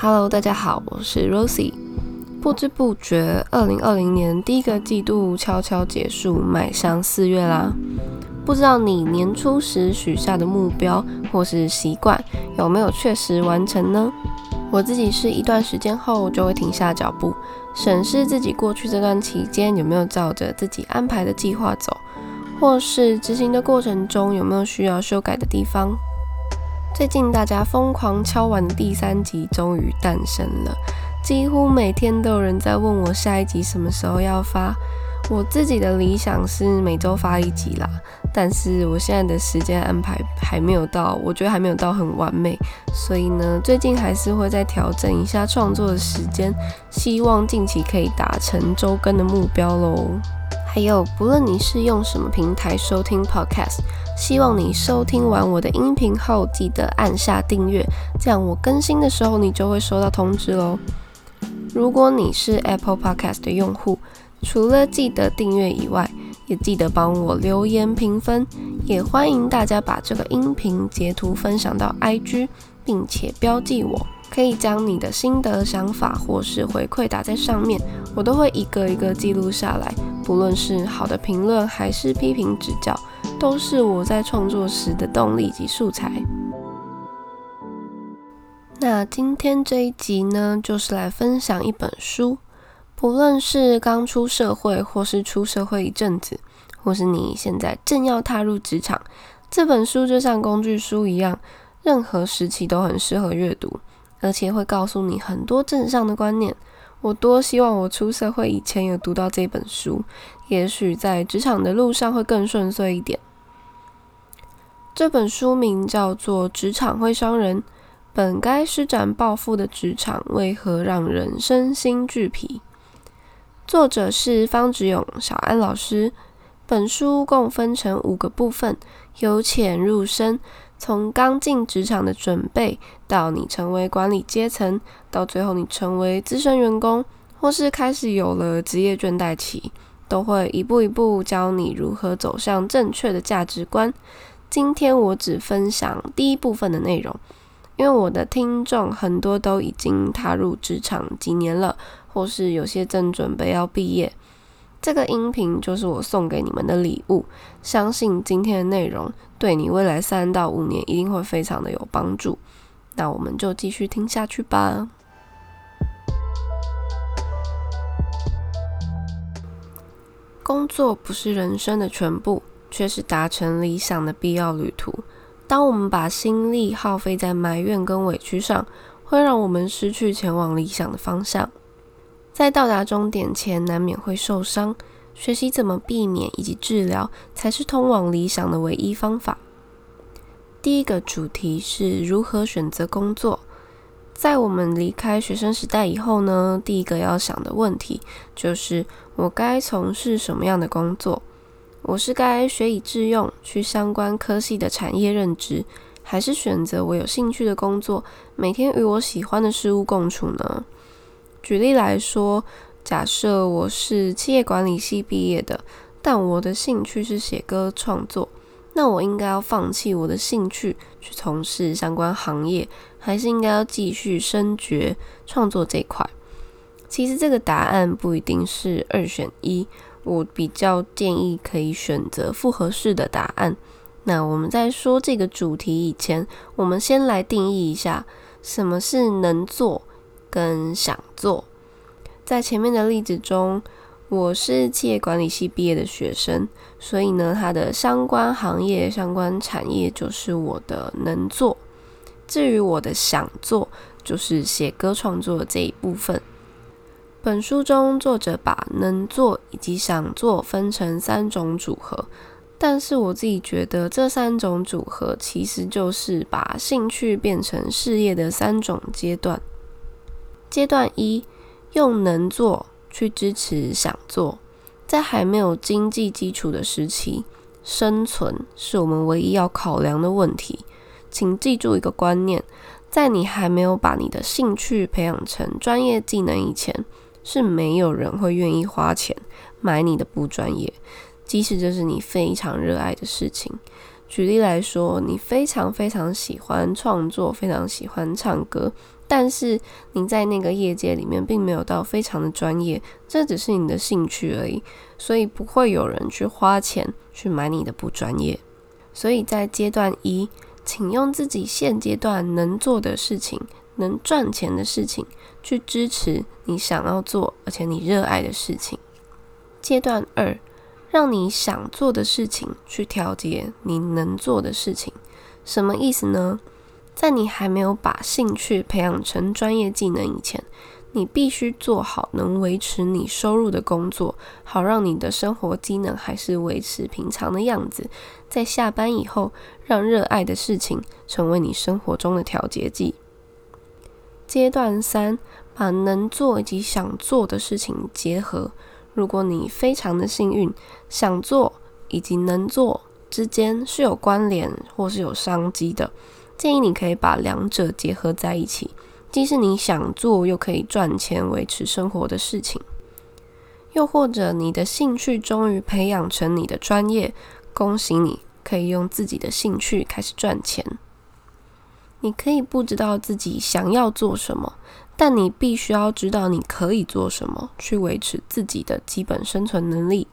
Hello，大家好，我是 Rosie。不知不覺，二零二零年第一個季度悄悄結束，邁向四月啦。不知道你年初時許下的目標或是習慣有沒有確實完成呢？我自己是一段時間後就會停下腳步，審視自己過去這段期間有沒有照着自己安排的計劃走，或是執行的過程中有沒有需要修改的地方。最近大家瘋狂敲碗的第三集終於誕生了，幾乎每天都有人在問我下一集什麼時候要發。我自己的理想是每週發一集啦。但是我現在的時間安排還沒有到，我覺得還沒有到很完美，所以呢，最近還是會再調整一下創作的時間，希望近期可以達成周更的目標嘍。還有，不論你是用什麼平台收聽 Podcast，希望你收聽完我的音頻後，記得按下訂閱，這樣我更新的時候你就會收到通知嘍。如果你是 Apple Podcast 的用戶，除了記得訂閱以外，也記得幫我留言評分，也歡迎大家把這個音頻截圖分享到 IG，並且標記我，可以將你的心得、想法或是回饋打在上面，我都會一個一個記錄下來。不論是好的評論還是批評指教，都是我在創作時的動力及素材。那今天這一集呢，就是來分享一本書。不論是剛出社會，或是出社會一陣子，或是你現在正要踏入職場，這本書就像工具書一樣，任何時期都很適合閱讀，而且會告訴你很多正向的觀念。我多希望我出社會以前有讀到這本書，也許在職場的路上會更順遂一點。這本書名叫做《職場會傷人》，本該施展抱負的職場，為何讓人身心俱疲？作者是方志勇、小安老師。本書共分成五個部分，由淺入深，從剛進職場的準備，到你成為管理階層，到最後你成為資深員工，或是開始有了職業倦怠期，都會一步一步教你如何走向正確的價值觀。今天我只分享第一部分的內容，因為我的聽眾很多都已經踏入職場幾年了。或是有些正準備要畢業，這個音頻就是我送給你們的禮物。相信今天的內容對你未來三到五年一定會非常的有幫助。那我們就繼續聽下去吧。工作不是人生的全部，卻是達成理想的必要旅途。當我們把心力耗費在埋怨跟委屈上，會讓我們失去前往理想的方向。在到達終點前，難免會受傷。學習怎麼避免以及治療，才是通往理想的唯一方法。第一個主題是如何選擇工作。在我們離開學生時代以後呢，第一個要想的問題就是：我該從事什麼樣的工作？我是該學以致用，去相關科系的產業任職，還是選擇我有興趣的工作，每天與我喜歡的事物共處呢？舉例來說，假設我是企業管理系畢業的，但我的興趣是寫歌創作，那我應該要放棄我的興趣去從事相關行業，還是應該要繼續深掘創作這一塊？其實這個答案不一定是二選一，我比較建議可以選擇複合式的答案。那我們在說這個主題以前，我們先來定義一下什麼是能做。跟想做。在前面的例子中，我是企業管理系畢業的學生，所以呢，他的相關行業、相關產業就是我的能做。至於我的想做，就是寫歌創作的這一部分。本書中，作者把能做以及想做分成三種組合，但是我自己覺得，這三種組合其實就是把興趣變成事業的三種階段。階段一，用能做去支持想做。在還沒有經濟基礎的時期，生存是我們唯一要考量的問題。請記住一個觀念：在你還沒有把你的興趣培養成專業技能以前，是沒有人會願意花錢買你的不專業，即使這是你非常熱愛的事情。舉例來說，你非常非常喜歡創作，非常喜歡唱歌。但是你在那個業界裡面並沒有到非常的專業，這只是你的興趣而已，所以不會有人去花錢去買你的不專業。所以在階段一，請用自己現階段能做的事情、能賺錢的事情去支持你想要做而且你熱愛的事情。階段二，讓你想做的事情去調節你能做的事情，什麼意思呢？在你還沒有把興趣培養成專業技能以前，你必須做好能維持你收入的工作，好讓你的生活機能還是維持平常的樣子。在下班以後，讓熱愛的事情成為你生活中的調節劑。階段三，把能做以及想做的事情結合。如果你非常的幸運，想做以及能做之間是有關聯或是有商機的。建議你可以把兩者結合在一起，既是你想做又可以賺錢維持生活的事情。又或者你的興趣終於培養成你的專業，恭喜你，可以用自己的興趣開始賺錢。你可以不知道自己想要做什麼，但你必須要知道你可以做什麼，去維持自己的基本生存能力。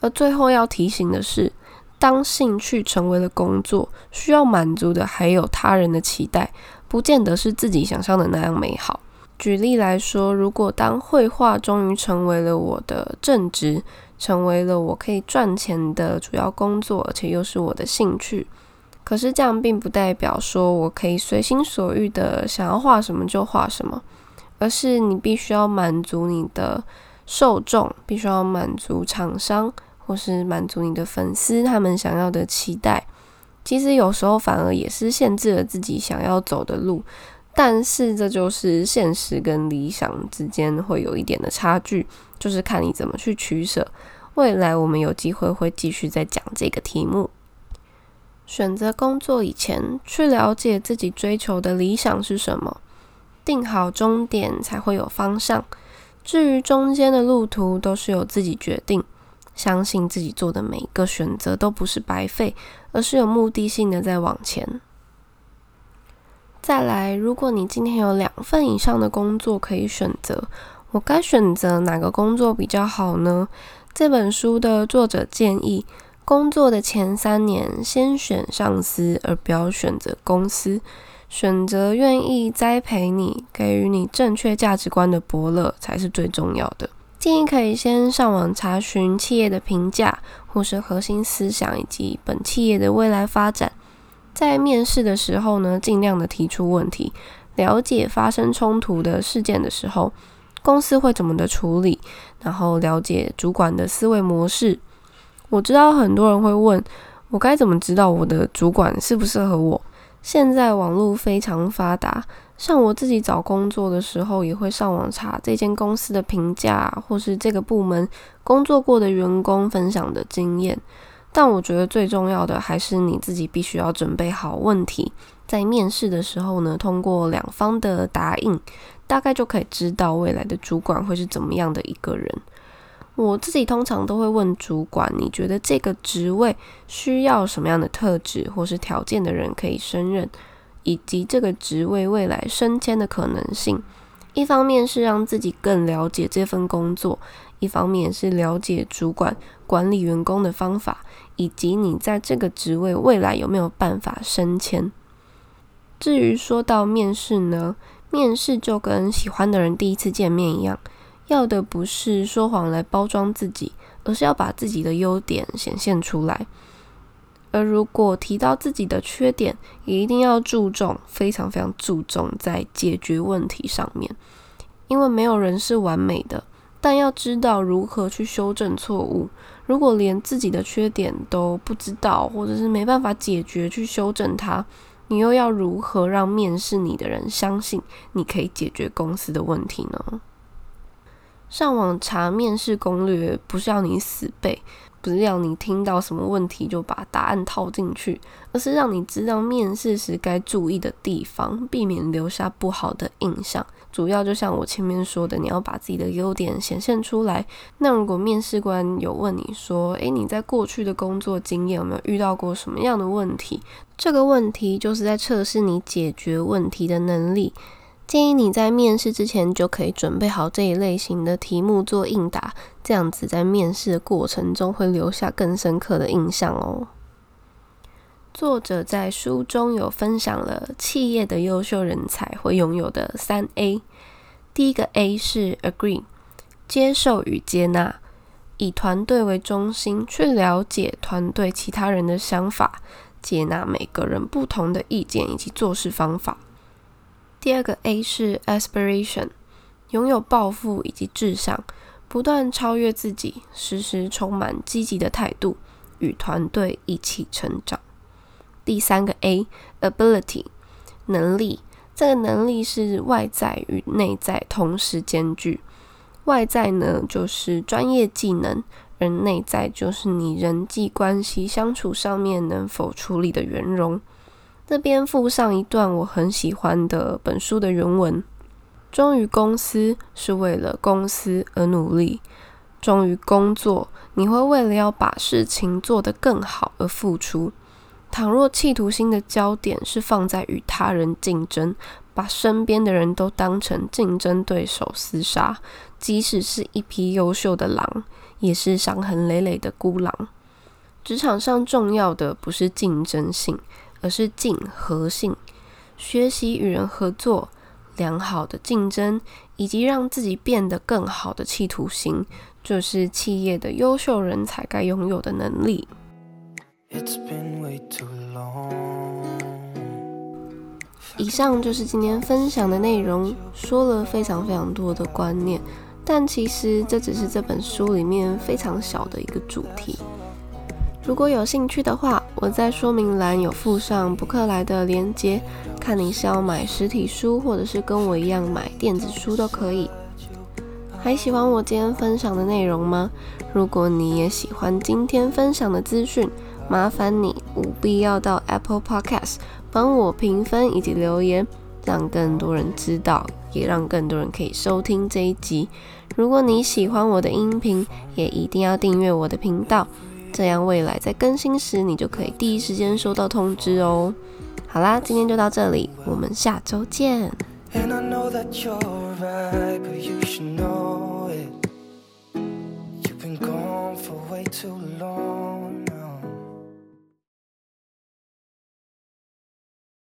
而最後要提醒的是，當興趣成為了工作，需要滿足的還有他人的期待，不見得是自己想象的那樣美好。舉例來說，如果當繪畫終於成為了我的正職，成為了我可以賺錢的主要工作，而且又是我的興趣。可是這樣並不代表說我可以隨心所欲的想要畫什麼就畫什麼，而是你必須要滿足你的受眾，必須要滿足廠商。或是滿足你的粉絲他們想要的期待，其實有時候反而也是限制了自己想要走的路。但是這就是現實跟理想之間會有一點的差距，就是看你怎麼去取捨。未來我們有機會會繼續再講這個題目。選擇工作以前，去了解自己追求的理想是什麼，定好終點才會有方向。至於中間的路途，都是由自己決定。相信自己做的每一個選擇都不是白費，而是有目的性的在往前。再來，如果你今天有兩份以上的工作可以選擇，我該選擇哪個工作比較好呢？這本書的作者建議，工作的前三年先選上司，而不要選擇公司。選擇願意栽培你、給予你正確價值觀的伯樂才是最重要的。建議可以先上網查詢企業的評價，或是核心思想以及本企業的未來發展。在面試的時候呢，盡量的提出問題，了解發生衝突的事件的時候，公司會怎麼的處理，然後了解主管的思維模式。我知道很多人會問，我該怎麼知道我的主管適不適合我。現在網絡非常發達。像我自己找工作的時候，也會上網查這間公司的評價，或是這個部門工作過的員工分享的經驗。但我覺得最重要的還是你自己必須要準備好問題，在面試的時候呢，通過兩方的答應，大概就可以知道未來的主管會是怎麼樣的一個人。我自己通常都會問主管：“你覺得這個職位需要什麼樣的特質或是條件的人可以勝任？”以及這個職位未來升遷的可能性，一方面是讓自己更了解這份工作，一方面是了解主管管理員工的方法，以及你在這個職位未來有沒有辦法升遷。至於說到面試呢，面試就跟喜歡的人第一次見面一樣，要的不是說謊來包裝自己，而是要把自己的優點顯現出來。而如果提到自己的缺點，也一定要注重，非常非常注重在解決問題上面，因為沒有人是完美的。但要知道如何去修正錯誤。如果連自己的缺點都不知道，或者是沒辦法解決去修正它，你又要如何讓面試你的人相信你可以解決公司的問題呢？上網查面試攻略，不是要你死背。不是要你聽到什麼問題就把答案套進去，而是讓你知道面試時該注意的地方，避免留下不好的印象。主要就像我前面說的，你要把自己的優點顯現出來。那如果面試官有問你說：“誒，你在過去的工作經驗有沒有遇到過什麼樣的問題？”這個問題就是在測試你解決問題的能力。建議你在面試之前就可以準備好這一類型的題目做應答，這樣子在面試的過程中會留下更深刻的印象哦。作者在書中有分享了企業的優秀人才會擁有的 3A，第一個 A 是 Agree，接受與接納，以團隊為中心去了解團隊其他人的想法，接納每個人不同的意見以及做事方法。第二個 A 是 aspiration，擁有抱負以及志向，不斷超越自己，時時充滿積極的態度，與團隊一起成長。第三個 A ability 能力，這個能力是外在與內在同時兼具。外在呢，就是專業技能，而內在就是你人際關係相處上面能否處理的圓融。這邊附上一段我很喜歡的本書的原文：忠於公司是為了公司而努力，忠於工作，你會為了要把事情做得更好而付出。倘若企圖心的焦點是放在與他人競爭，把身邊的人都當成競爭對手廝殺，即使是一匹優秀的狼，也是傷痕累累的孤狼。職場上重要的不是競爭性。而是競合性，學習與人合作、良好的競爭，以及讓自己變得更好的企圖心，就是企業的優秀人才該擁有的能力。It's been way too long, 以上就是今天分享的內容，說了非常非常多的觀念，但其實這只是這本書裡面非常小的一個主題。如果有興趣的話，我在說明欄有附上博客來的鏈接，看你是要買實體書，或者是跟我一樣買電子書都可以。還喜歡我今天分享的內容嗎？如果你也喜歡今天分享的資訊，麻煩你務必要到 Apple Podcast 幫我評分以及留言，讓更多人知道，也讓更多人可以收聽這一集。如果你喜歡我的音頻，也一定要訂閱我的頻道。這樣，未來在更新時，你就可以第一時間收到通知哦。好啦，今天就到這裡，我們下周見。